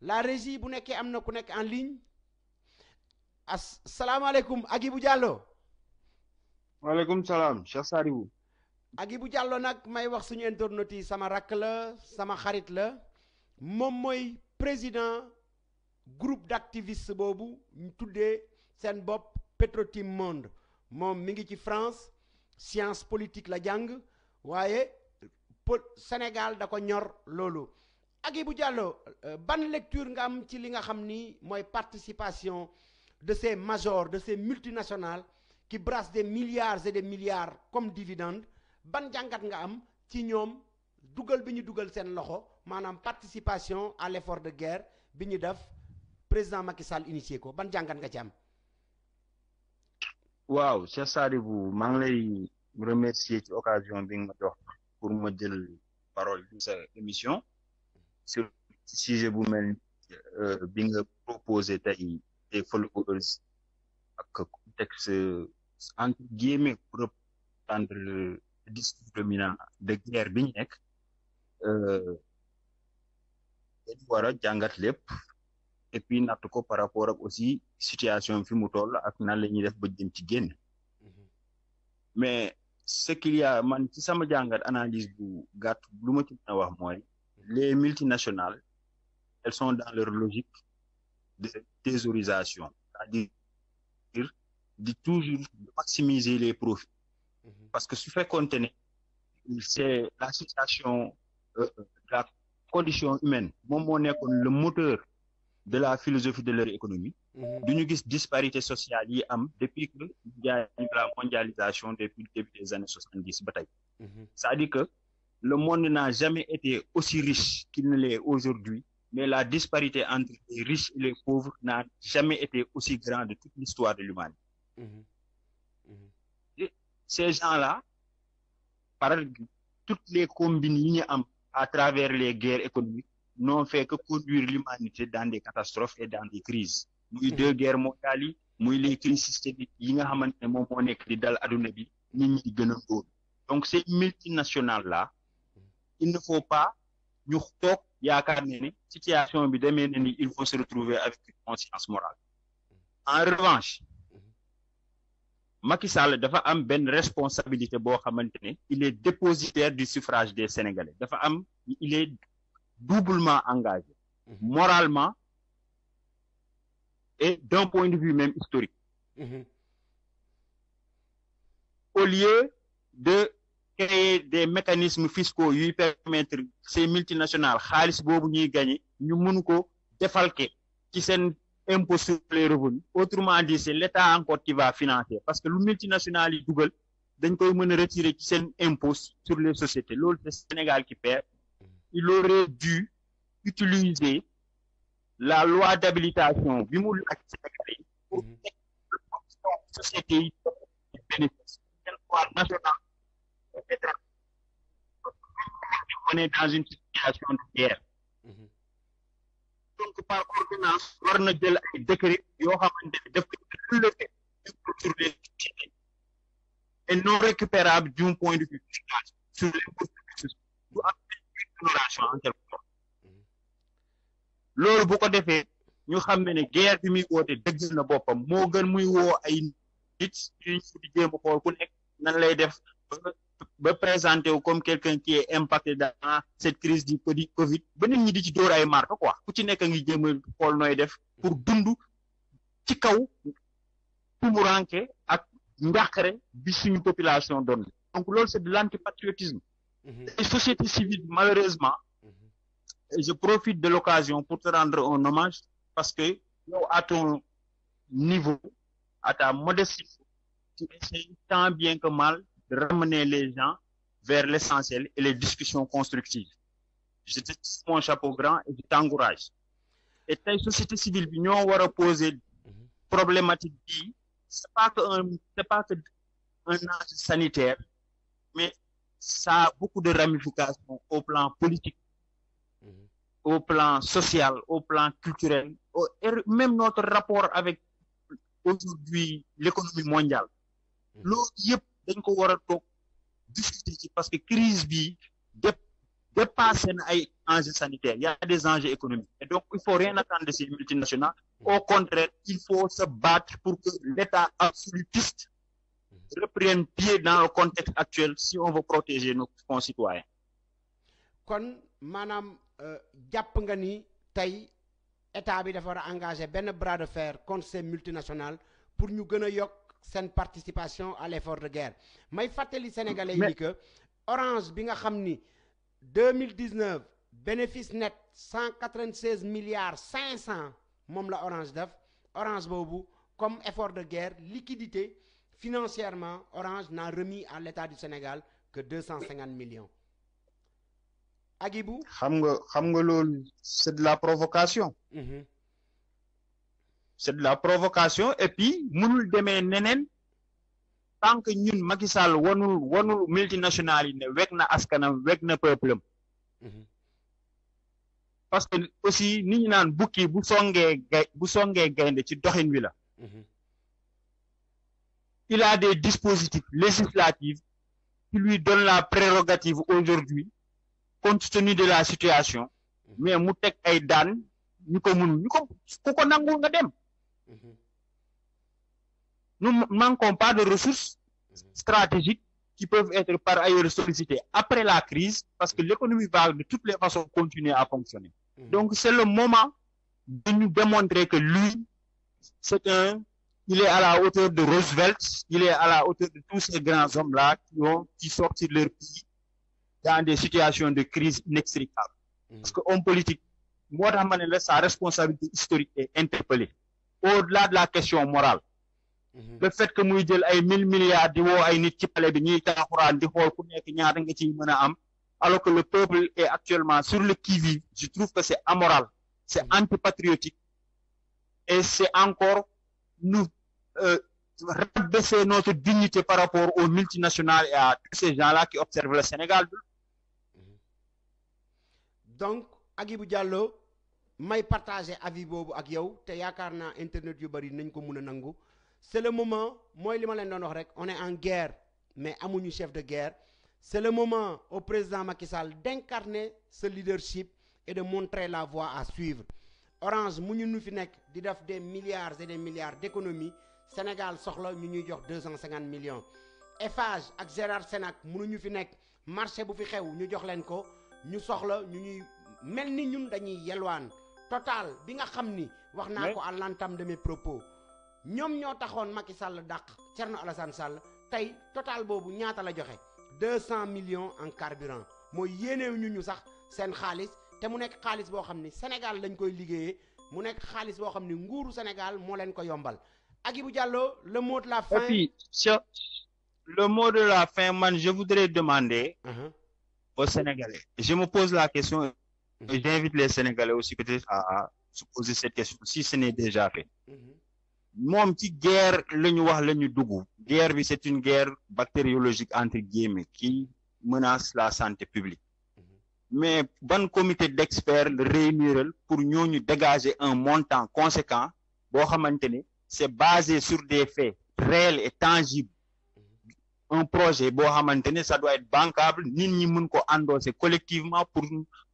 la régie bu nekkee am na ku nekk en ligne asalaamaaleykum Agibou Diallo. waaleykum salaam Cheikh Sadibou. bu Diallo nag may wax suñu internautes sama rakk la sama xarit la moom mooy président groupe d'activistes boobu ñu tuddee seen bopp Petro-Team Monde moom mi ngi ci France science politique la jàng waaye Sénégal da ko ñor loolu. bu jàlloo euh, ban lecture nga am ci li nga xam ni mooy participation de ces majors de ces multinationales qui brassent de milliards et des milliards comme dividendes ban jàngat nga am ci ñoom dugal bi ñu dugal seen loxo maanaam participation à l'effort de guerre bi ñu def président Macky Sall initié ko ban jàngat nga ci am. waaw Cheikh bu maa ngi lay remercier ci occasion bi nga ma jox pour ma jël parole ci sa émission. sur sujet bu mel euh, bi nga proposé tey des followers ak contexte entre guillemets pour reprendre discours dominant de guerre bi ñu nekk euh, dañu war a jàngat lépp et puis natt ko par rapport ak aussi situation fi mu toll ak nan la ñuy def ba jëm ci génn mm-hmm. mais ce qu'il y man ci sama jàngat analyse bu gàtt lu ma ci a wax mooy les multinationales elles sont dans leur logique de thésaurisation c'est-à-dire di toujours maximiser les profits mhm. parce que su fekkoonte ne c'est la situation euh, euh, la condition humaine moom moo nekkoon le moteur de la philosophie de leur économie mhm. du ñu gis disparité sociale yi am depuis que la mondialisation depuis des années soixante dix ba tey mhm. c'est-à-dire que le monde n'a jamais été aussi riche qu'il ne l'est aujourd'hui, mais la disparité entre les riches et les pauvres n'a jamais été aussi grande de toute l'histoire de l'humanité. Mmh. Mmh. Ces gens-là, par toutes les combines à travers les guerres économiques, n'ont fait que conduire l'humanité dans des catastrophes et dans des crises. muy deux mm-hmm. guerres mondiales yi muy les crises systémiques yi nga xamante ne moom moo nekk di dal adduna bi nit il ne faut pas ñu toog yaakaar ne ni situation bi demee ne ni il faut se retrouver avec une conscience morale en revanche Macky Sall dafa am benn responsabilité boo xamante ne il est dépositaire du suffrage des Sénégalais dafa am il est doublement engagé moralement et d'un point de vue même historique mhm. au lieu de créer des mécanismes fiscaux yuy permettre ces multinationales xaalis boobu ñuy gagné ñu mun ko défalquer ci seen impôt sur les revenus autrement dit c'est l'État encore qui va parce que lu multinationales y dugal dañ koy mën a retirer ci seen impôt sur les sociétés loolu c'est Sénégal qui perd il aurait dû utiliser la loi d'habilitation bi laaj Sénégal yi pour mmh. société yi bénéfice seen nationale etc. On dans une situation de guerre. donc par ordonnance war na jël ay décret yoo xamante ne daf koy lever sur non récupérable du am loolu bu ko defee ñu xam ne ne guerre bi muy woote dëgg na boppam moo gën muy woo ay nit ñu di jéem xool ku nekk nan lay def ba présenté wu comme quelqu'un qui est impacté dans cette crise du Covid ba nit ñi di ci dóor ay marque quoi ku ci nekk ngi jéem a xool nooy def pour dundu ci kaw tumuranke ak njàqare bi suñu population doon donc loolu c'est de l'antipatriotisme mhm. et société civile malheureusement mhm. je profite de l'occasion pour te rendre un hommage parce que yow à ton niveau à ta modestie tu tant bien que mal de ramener les gens vers l'essentiel et les discussions constructives je te tisse mon chapeau grand et je t'encourage et société civile bi ñoo war a poser problématique bi c'est pas pas que un enjeu sanitaire mais ça a beaucoup de ramifications au plan politique au plan social au plan culturel même notre rapport avec aujourd'hui l'économie mondiale mm dañ ko war a toog discuter ci parce que crise bi dé dépassé na ay enjeux sanitaires il des enjeux économiques et donc il faut rien attendre de ces multinationales au contraire il faut se battre pour que l'État absolutiste reprenne pied dans le contexte actuel si on veut protéger nos concitoyens kon maanaam euh, jàpp nga ni tey état bi dafa war a engagé benn bras de fer contre ces multinationales pour ñu gën a yokk seen participation à l'effort de guerre may fàttali sénégalais yi ni que orange bi nga xam ni 2019 bénéfice net 196 milliards 500 moom la orange def orange boobu comme effort de guerre liquidité financièrement orange n'a remis à l'état du Sénégal que 250 millions Agibou xam nga xam nga loolu c'est de la provocation mm-hmm. c'est de la provocation et pi mënul demee neneen tant que ñun Macky Sall wanul wanul multinational yi ne weg na askanam weg na peuple mhm. parce que aussi nit ñi naan bukki bu songee gay bu gaynde ci doxin wi la mhm. il a des dispositifs législatifs qui lui donnent la prérogative aujourd'hui compte tenu de la situation mhm. mais mu teg ay daan ñu ko mënul ñu ko ku ko nangul nga dem Mm-hmm. Nous ne manquons pas de ressources mm-hmm. stratégiques qui peuvent être par ailleurs sollicitées après la crise parce que l'économie va de toutes les façons continuer à fonctionner. Mm-hmm. Donc c'est le moment de nous démontrer que lui, c'est un, il est à la hauteur de Roosevelt, il à la hauteur de tous ces grands hommes-là qui ont, de leur pays dans des situations de crise inextricables. Parce que homme politique, moi, la sa responsabilité historique est interpellée. au-delà de la question morale mhm. le fait que muy jël ay mille milliards di woo ay nit ci pale bi ñuy taaxuraan di xool ku nekk ñaata nga ciy mën a am alors que le peuple est actuellement sur le qui-vive je trouve que c'est amoral c'est mhm. antipatriotique et c'est encore nous euh, rabaisser notre dignité par rapport aux multinationales et à tous ces gens-là qui observent le Sénégal mhm. donc Agibou Diallo may partager avis boobu ak yow te yaakaar naa internet yu bëri nañ ko mun a nangu c'est le moment mooy li ma leen doon wax rek on est en guerre mais amuñu chef de guerre c'est le moment au président Macky Sall d'incarner ce leadership et de montrer la voie à suivre Orange mu ñu nu fi nekk di def de milliards et des milliards d'économies Sénégal soxla ñu ñuy jox deux cent cinquante millions Eiffage ak Gérard Sénac mënuñu fi nekk marché bu fi xew ñu jox leen ko ñu soxla ñu ñuy mel ni ñun dañuy yelwaan total bi nga xam ni. wax naa ko à l'entame de propos. ñoom ñoo taxoon makki Sall dàq Thierno Alassane Sall tey total boobu ñaata la joxe deux cent millions en carburant mooy yéeneew ñu ñu sax seen xaalis te mu nekk xaalis boo xam ni Sénégal lañ koy liggéeyee mu nekk xaalis boo xam ni nguuru Sénégal moo leen ko yombal Agibou Diallo le mot de la fin. et puis sur le mot de la fin man je voudrais demander. Uh -huh. je me pose la question. Et j'invite les Sénégalais aussi peut-être à, à, se poser question, si ce n'est déjà fait. Mhm. moom ci guerre la ñu wax la ñu dugg guerre bi c'est une guerre bactériologique entre guillemets qui menace la santé publique mhm. mais ban comité d'experts réuniral pour ñooñu dégager un montant conséquent boo xamante ne c'est basé sur des faits réels et tangibles un projet boo xamante ne ça doit être bancable nit ñi mën ko endosser collectivement pour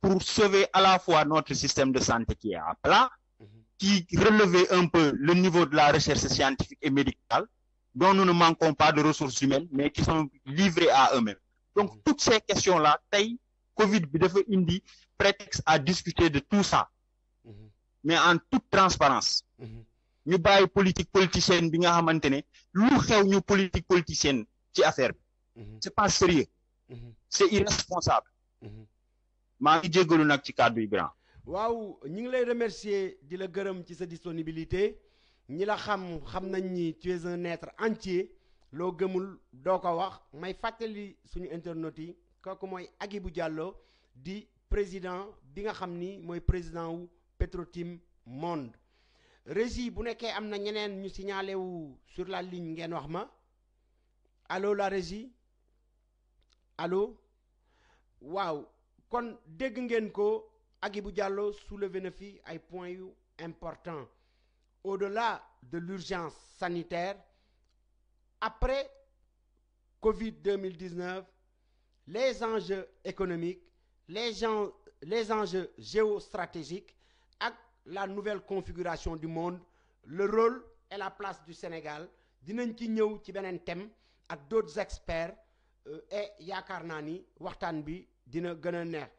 pour sauver à la fois notre système de santé qui est à plat mhm. qui relever un peu le niveau de la recherche scientifique et médicale dont nous ne manquons pas de ressources humaines mais qui sont livrées à eux-mêmes donc mhm. toutes ces questions là tey Covid bi dafa indi prétexte à discuter de tout ça mhm. mais en toute transparence ñu bàyyi politique politicienne bi nga xamante ne lu xew ñu politique politicienne ci affaire bi mhm. c'est pas sérieux mhm. c'est irresponsable mhm. maa ngi jéggalu nag ci kàddu yi grand waaw ñi ngi lay remercier di la gërëm ci sa disponibilité ñi la xam xam nañ ni tu es un être entier loo gëmul doo ko wax may fàttali suñu internautes yi kooku mooy bu Diallo di président bi nga xam ni mooy président wu Petrotim Monde régie bu nekkee am na ñeneen ñu signalé sur la ligne ngeen wax ma allo la régie allo waaw kon dégg ngeen ko Hadjibou Diallo soulevé na fi ay point yu important au-delà de l'urgence sanitaire après Covid 2019 les enjeux économiques les gens les enjeux géostratégiques ak la nouvelle configuration du monde le rôle et la place du Sénégal dinañ ci ñëw ci beneen thème ak d'autres experts euh, et yaakaar naa ni waxtaan bi dina gën a neex